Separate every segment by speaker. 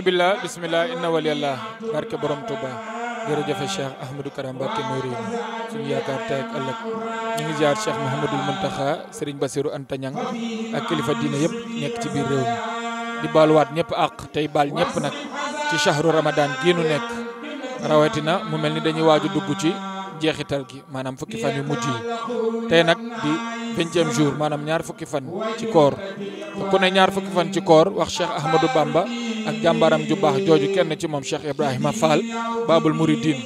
Speaker 1: billah bismillah inna waliyallah barke borom Touba jefe Cheikh Ahmadou Karam barke nouri suñu yaakaar tey ak ëllëg ñu ngi jaar Cheikh mohamedou Muntaxa Serigne Bassirou ak kilifa diine yëpp nekk ci di baaluwaat ñëpp àq tay bal ñëpp nak ci shahru ramadan gii nek. rawatina mu mel dañuy waaju dugg ci jeexital gi fukki fan yu di vingtième jour nyar ñaar fukki fan ci koor ku ne ñaar fukki fan ci koor wax Cheikh Ahmadou Bamba ak jàmbaram ju baax jooju kenn ci moom Cheikh Ibrahima Fall Babul Mouridine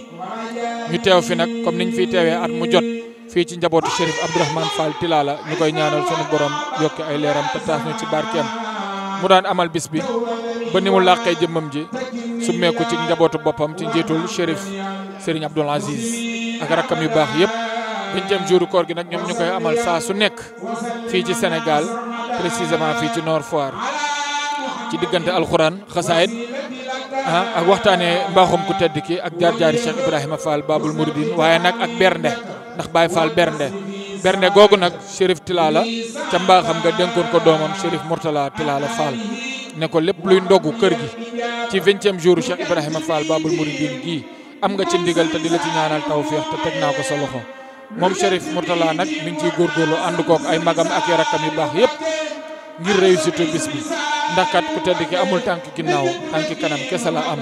Speaker 1: ñu teew fi nag comme niñ fi teewee at mu jot fii ci njabootu Chérif Abdourahmane Fall Tilala ñu koy ñaanal sunu borom yokki ay leeram te taas ñu ci barkeem mu daan amal bis bi ba ni mu làqee jëmmam ji summeeku ci njabootu boppam ci njiitul Chérif Serigne Abdoul Aziz ak rakkam yu baax yëpp biñu jouru koor gi nag ñoom ñu koy amal saa su nekk fii ci Sénégal précisément fii ci Nord Foire ci diggante alxuraan xasaayit ah ak waxtaanee mbaaxum ku tedd ki ak jaar-jaari Cheikh Ibrahima Fall Babul Mouridine waaye nag ak bernde ndax Baye Fall bernde bernde googu nag Chérif Tilala ca mbaaxam nga dénkoon ko doomam Chérif Mourtala Tilala Fall ne ko lépp luy ndogu kër gi ci vingtième jour Cheikh Ibrahima Fall Babul Mouridine gii am nga ci ndigal te di la ci ñaanal tawféex te teg naa ko sa loxo moom Chérif Mourtala nag mi ngi ciy góorgóorlu ànd kook ay magam ak yarakam yu baax yëpp ngir bi ndax kat ku tedd ki amul tànk ginnaaw tànk kanam kese la am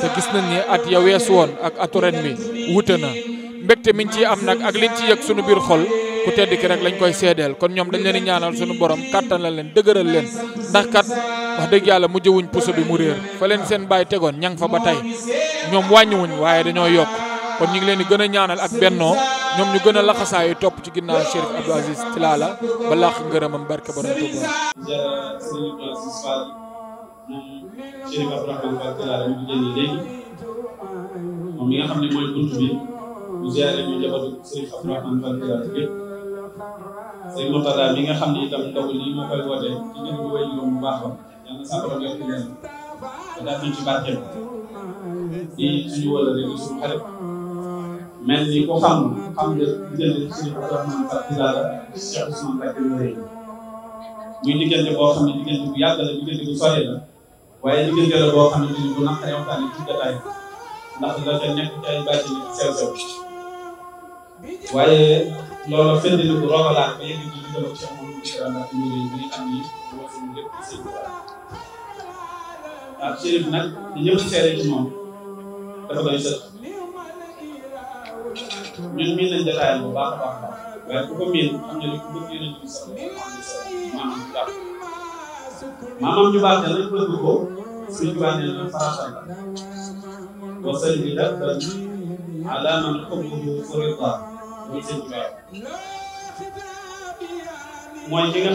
Speaker 1: te gis nañ ni at ya weesu woon ak atu ren mi wute na mbégte mi ciy am nag ak liñ ci yëg sunu biir xol ku tedd ki rek lañ koy seedeel kon ñoom dañ leen di ñaanal sunu borom kattan leen dëgëral leen ndax kat wax dëgg yàlla mujjewuñ puso bi mu réer fa leen seen baay tegoon ñang fa ba tey ñoom wàññiwuñ waaye dañoo yokk kon ñu ngi leen di gën a ñaanal ak bennoo ñoom ñu gën a laxasaayu topp ci ginnaaw Chérif Abdou Aziz Tilala ba laax ngërëmam barke ñu ngi génne léegi
Speaker 2: moom mi nga xam ne itam ndogu lii moo koy wootee ci ngeen ko wéy bu baax a yàlla saa borom yokk leen daal ñu wala rek suñu mel ni ko xam xam nga diggante suñu Abdourahmane Fall Diarra Cheikh Ousmane Mbacké Mureye muy diggante boo xam ne diggante bu yàgg la diggante bu sore la boo xam ne dañu bu naqaree waxtaane ci jotaay ndax la ca nekk ay bàcci nekk sew sew waaye loolu fënd na ko rogalaat ba yegg ci diggante Cheikh Mouhamadou Bachir Mbacké Mureye bi nga xam ni wax suñu lépp ci sëñ Tuubaa seere ci moom dafa doy sëkk ñun miin nañ jotaayal bu baax baax baax waaye ku ko miin xam nga ni ku bëgg yéen a baax baax baax nee na farata la
Speaker 1: wa salli dabban ala man
Speaker 2: xubbuhu furida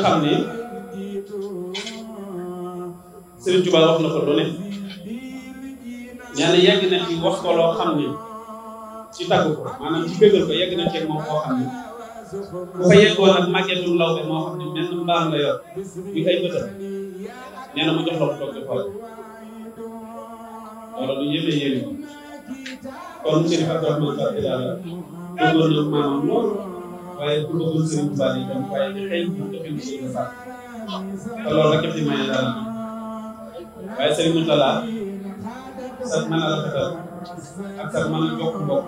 Speaker 2: xam ne Sëriñ Tuubaa wax na ko ne nee na yàgg na wax ko xam ne ci tagg ko maanaam ci bégal yegg na ceeg moom koo xam ne bu fa yeggoon ak màggetum law be moo xam ne mel na mbaam la yor muy ay bëtam nee na mu jox lool waaye ku bëggoon Serigne Touba yi tam waaye xëy na doxinu Serigne Touba te loolu rek a rafetal ak sa mën a jokk mbokk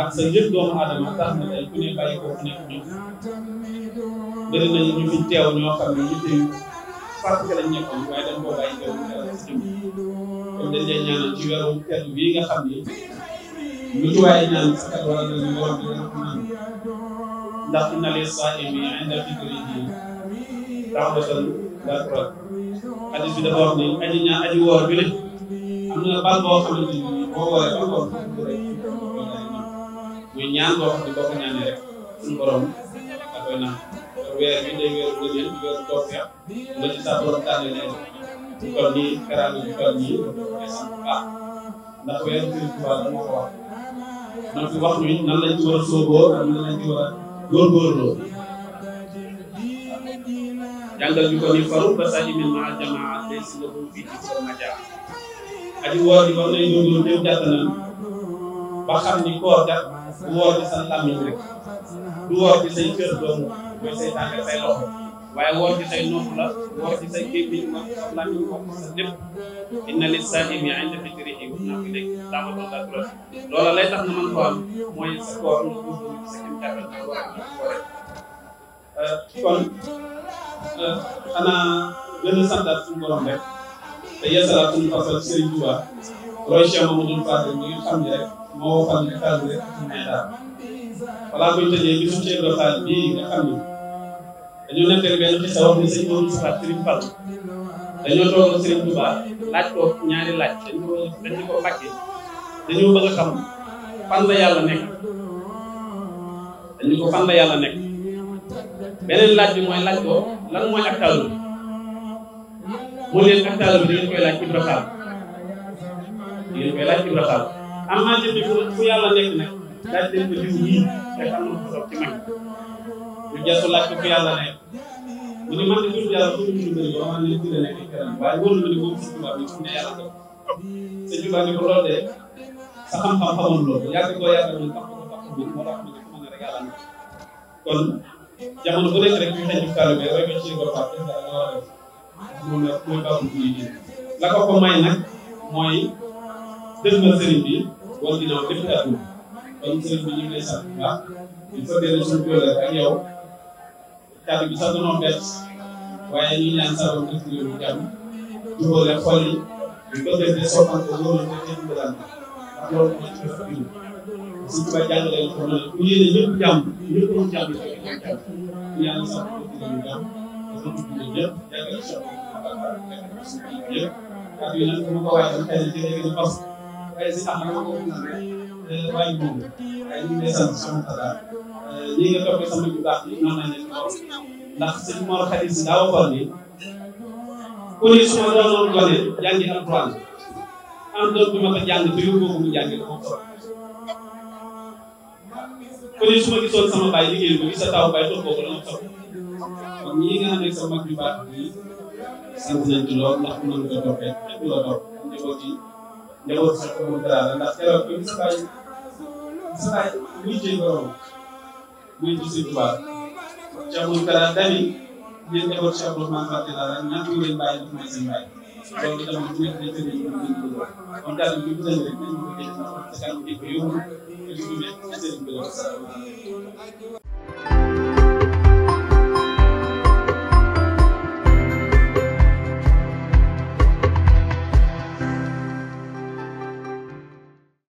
Speaker 2: ak sa yëg doomu aadama tax na tey ku ne bàyyi ko ku nekk ñoom bëri nañu ñu fi teew ñoo xam ne ñu tey parce que lañ nekkoon waaye dañ koo bàyyi teew kon dañ lay ñaanal ci weeru kër bii nga xam ni lu ci waaye ñaan sa kat wala dana borom bi dana ko naan ndax inna li saa'imi inda fitrihi tawbatan laa turad hadis bi dafa wax ni aji ñaan aji woor bi le am na bal boo xamante ni moo waral lu ko ñu ñaan loo xam ne rek suñu borom da koy naan weer bi day weeru gëneel weeru tawfeex nga ci sa borom tànn leen bu toll nii karaama bu toll nii baax ah ndax weeru Sëriñ Tuubaa dama ko wax man a a ko ni faru ba sax ñu ne maa jamaa day si nga fi ci sama jaar aji woor ji war nañ góorgóorlu dem jàttanal ni koor kat du woor di sa rek du woor di say cër waaye woor di say la woor di say gémmiñ woor inna li saahimi inda fitrihi naa ko léegi dama doon la loola lay tax na man ko am sa koor nga góorgóorlu sa kim jàttal nga war a koore euh, kon euh, xanaa gën a santaat suñu rek te yeesalaat suñu fasal Serigne Touba roy Cheikh Mamadou Fadel mi nga xam ne rek moo waxoon ne rek ci may balaa koy tëjee bi suñu ceeb Fall bii nga ne dañoo nettali benn xisa wax ni sëñ Mamadou Fat Serigne Fall dañoo toog ak Serigne Touba laaj ko ñaari laaj dañ ko dañ ko fàkkee dañoo bëgg a xam fan la yàlla nekk dañu ko boo leen ak taal bi ngeen koy laaj Ibra Fall ngeen koy laaj Ibra Fall am naa jënd fu yàlla nekk nag laaj leen ko jiw yii te am na ko ci mag ñu jël ko laaj ko fu yàlla nekk mu ne man de tur bi yàlla tur bi ñu bëri ba xam ne li ci la nekk këram waaye wóor na ne moom suñu tubaab yi fu ne yàlla ko te tubaab yi ko lool de sa xam-xam xamoon lool yàgg koo yàgg moom tax ko tax ko moo tax ne xam ne rek yàlla nekk kon jamono bu nekk rek ñu xëy ñu kàlla bi rek ñu ci ko fàtte dara loolu la loolu ko may nag mooy dëggal sëriñ bi wala ginnaaw def ci atum kon sëriñ bi ñu ngi lay sant bu baax il faut que suñu kër ak yow kàddu bi sax dañoo bett waaye ci yow jàmm jubale xol yi ñu ko defee soppante loolu la kenn daan ndax loolu mooy ci kër gi suñ ñaan sabab def ci ndax sëñ Mor Xadim si daa waxoon ni ku ne su ma doonoon gone jàngi alquran am doon bi ma ko jàng te yóbbu ko mu jàngi ko ku ne su ma gisoon sama baay liggéey ko gis sa taw baay toog ko dama toog ñii nga xam ne sa mag yu baax bi sant ndax mën nga toppee képp la topp njaboot yi njaboot ndax keroog bi sa baay sa baay liggéey borom muy ci Sëñ Tuubaa Cheikh Mourtada dani yéen njaboot Cheikh Ousmane fàtte la rek ñaata ngeen bàyyi daf may seen bàyyi loolu itam bu nekk dañ ko dégg ñu ngi ko kon daal bi mu tënk rek dañ ko dégg ndax